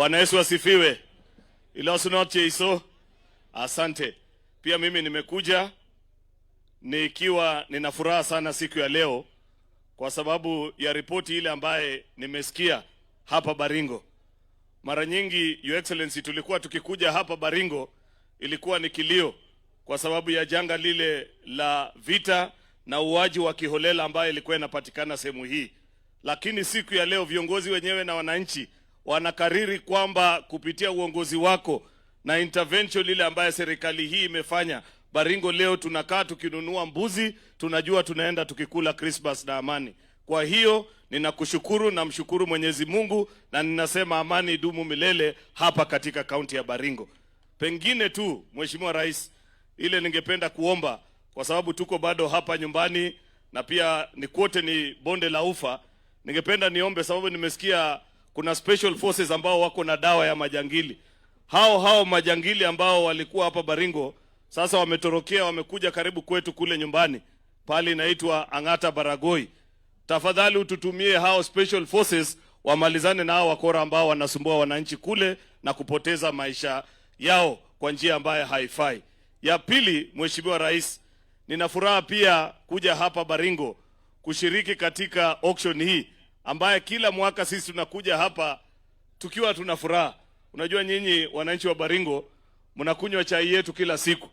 Bwana Yesu asifiwe. Ilosinocheiso, asante. Pia mimi nimekuja nikiwa nina furaha sana siku ya leo kwa sababu ya ripoti ile ambaye nimesikia hapa Baringo. Mara nyingi Your Excellency, tulikuwa tukikuja hapa Baringo ilikuwa ni kilio kwa sababu ya janga lile la vita na uwaji wa kiholela ambayo ilikuwa inapatikana sehemu hii, lakini siku ya leo viongozi wenyewe na wananchi wanakariri kwamba kupitia uongozi wako na intervention ile ambayo serikali hii imefanya Baringo, leo tunakaa tukinunua mbuzi, tunajua tunaenda tukikula Christmas na amani. Kwa hiyo ninakushukuru, namshukuru Mwenyezi Mungu na ninasema amani idumu milele hapa katika kaunti ya Baringo. Pengine tu Mheshimiwa Rais, ile ningependa kuomba kwa sababu tuko bado hapa nyumbani na pia ni kwote ni bonde la ufa, ningependa niombe sababu nimesikia kuna special forces ambao wako na dawa ya majangili. Hao hao majangili ambao walikuwa hapa Baringo sasa wametorokea, wamekuja karibu kwetu kule nyumbani pale, inaitwa Ang'ata Baragoi. Tafadhali ututumie hao special forces wamalizane na hao wakora ambao wanasumbua wananchi kule na kupoteza maisha yao kwa njia ambayo haifai. Ya pili, Mheshimiwa Rais, nina furaha pia kuja hapa Baringo kushiriki katika auction hii ambaye kila mwaka sisi tunakuja hapa tukiwa tuna furaha. Unajua nyinyi wananchi wa Baringo mnakunywa chai yetu kila siku,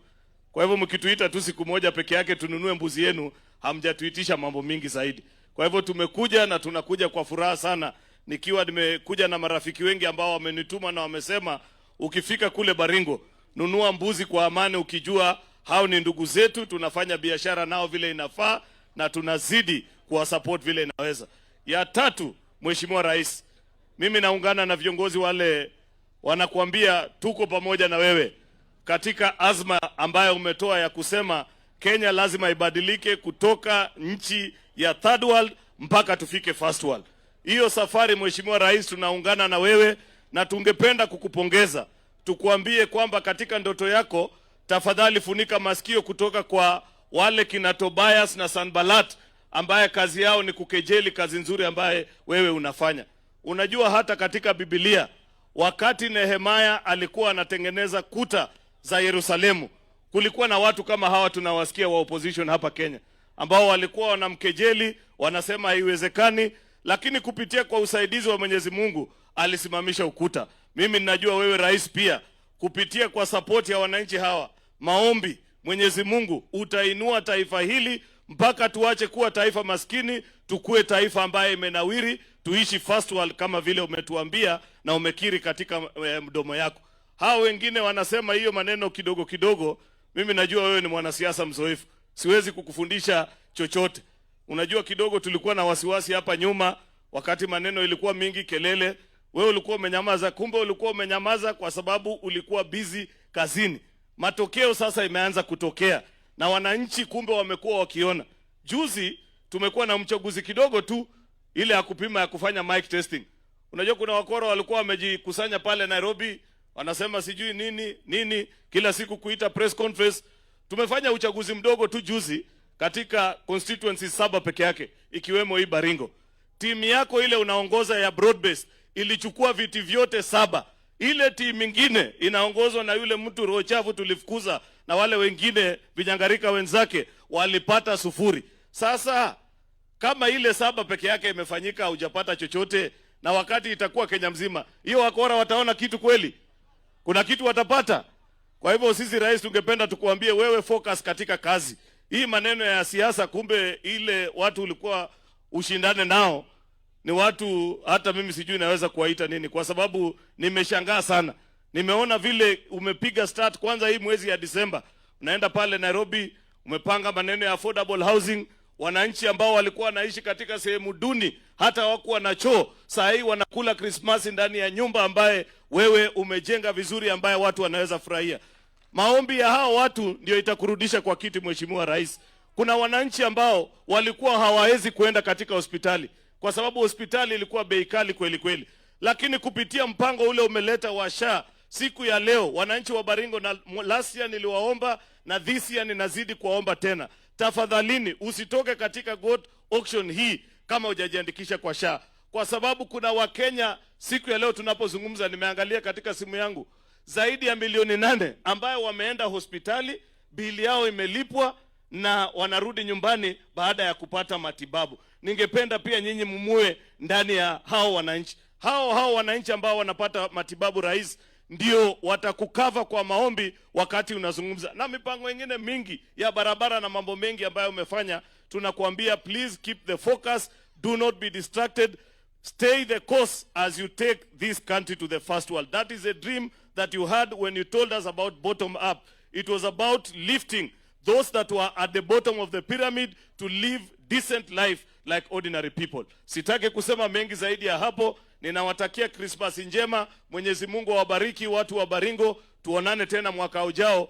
kwa hivyo mkituita tu siku moja peke yake tununue mbuzi yenu, hamjatuitisha mambo mingi zaidi. Kwa hivyo tumekuja na tunakuja kwa furaha sana, nikiwa nimekuja na marafiki wengi ambao wamenituma na wamesema, ukifika kule Baringo nunua mbuzi kwa amani, ukijua hao ni ndugu zetu, tunafanya biashara nao vile inafaa na tunazidi kuwasupport vile inaweza. Ya tatu, Mheshimiwa Rais, mimi naungana na viongozi wale wanakuambia tuko pamoja na wewe katika azma ambayo umetoa ya kusema Kenya lazima ibadilike kutoka nchi ya third world mpaka tufike first world. Hiyo safari Mheshimiwa Rais, tunaungana na wewe na tungependa kukupongeza, tukuambie kwamba katika ndoto yako, tafadhali funika masikio kutoka kwa wale kina Tobias na Sanbalat ambaye kazi yao ni kukejeli kazi nzuri ambaye wewe unafanya. Unajua hata katika Biblia wakati Nehemia alikuwa anatengeneza kuta za Yerusalemu, kulikuwa na watu kama hawa tunawasikia wa opposition hapa Kenya ambao walikuwa wanamkejeli, wanasema haiwezekani, lakini kupitia kwa usaidizi wa Mwenyezi Mungu alisimamisha ukuta. Mimi ninajua wewe rais pia kupitia kwa sapoti ya wananchi hawa, maombi, Mwenyezi Mungu utainua taifa hili mpaka tuache kuwa taifa maskini, tukuwe taifa ambaye imenawiri, tuishi first world kama vile umetuambia na umekiri katika eh, mdomo yako. Hao wengine wanasema hiyo maneno kidogo kidogo. Mimi najua wewe ni mwanasiasa mzoefu, siwezi kukufundisha chochote. Unajua, kidogo tulikuwa na wasiwasi hapa nyuma, wakati maneno ilikuwa mingi, kelele, wewe ulikuwa umenyamaza. Kumbe ulikuwa umenyamaza kwa sababu ulikuwa busy kazini. Matokeo sasa imeanza kutokea na wananchi kumbe wamekuwa wakiona. Juzi tumekuwa na mchaguzi kidogo tu, ile ya kupima ya kufanya mic testing. Unajua kuna wakora walikuwa wamejikusanya pale Nairobi, wanasema sijui nini nini, kila siku kuita press conference. Tumefanya uchaguzi mdogo tu juzi katika constituency saba peke yake, ikiwemo hii Baringo. Timu yako ile unaongoza ya broad base ilichukua viti vyote saba. Ile timu mingine inaongozwa na yule mtu roho chafu tulifukuza, na wale wengine vinyangarika wenzake walipata sufuri. Sasa kama ile saba peke yake imefanyika, hujapata chochote, na wakati itakuwa Kenya mzima, hiyo wakora wataona kitu kweli? Kuna kitu watapata? Kwa hivyo sisi, rais, tungependa tukuambie wewe, focus katika kazi hii. Maneno ya siasa, kumbe ile watu ulikuwa ushindane nao ni watu hata mimi sijui naweza kuwaita nini, kwa sababu nimeshangaa sana. Nimeona vile umepiga start kwanza, hii mwezi ya Disemba unaenda pale Nairobi, umepanga maneno ya affordable housing. Wananchi ambao walikuwa wanaishi katika sehemu duni, hata hawakuwa na choo, saa hii wanakula Krismasi ndani ya nyumba ambaye wewe umejenga vizuri, ambaye watu wanaweza furahia. Maombi ya hao watu ndio itakurudisha kwa kiti, Mheshimiwa Rais. Kuna wananchi ambao walikuwa hawawezi kuenda katika hospitali kwa sababu hospitali ilikuwa bei kali kweli kweli, lakini kupitia mpango ule umeleta SHA siku ya leo wananchi wa Baringo na last year niliwaomba na this year ninazidi kuwaomba tena, tafadhalini usitoke katika gold auction hii kama hujajiandikisha kwa SHA, kwa sababu kuna Wakenya siku ya leo tunapozungumza, nimeangalia katika simu yangu zaidi ya milioni nane ambayo wameenda hospitali, bili yao imelipwa na wanarudi nyumbani baada ya kupata matibabu ningependa pia nyinyi mumue ndani ya hao wananchi. Hao hao wananchi ambao wanapata matibabu rahisi ndio watakukava kwa maombi wakati unazungumza, na mipango mingine mingi ya barabara na mambo mengi ambayo umefanya. Tunakuambia please keep the focus, do not be distracted, stay the course as you take this country to the first world. That is a dream that you had when you told us about bottom up. It was about lifting those that were at the bottom of the pyramid to live decent life like ordinary people. Sitaki kusema mengi zaidi ya hapo. Ninawatakia Krismasi njema. Mwenyezi Mungu awabariki watu wa Baringo. Tuonane tena mwaka ujao.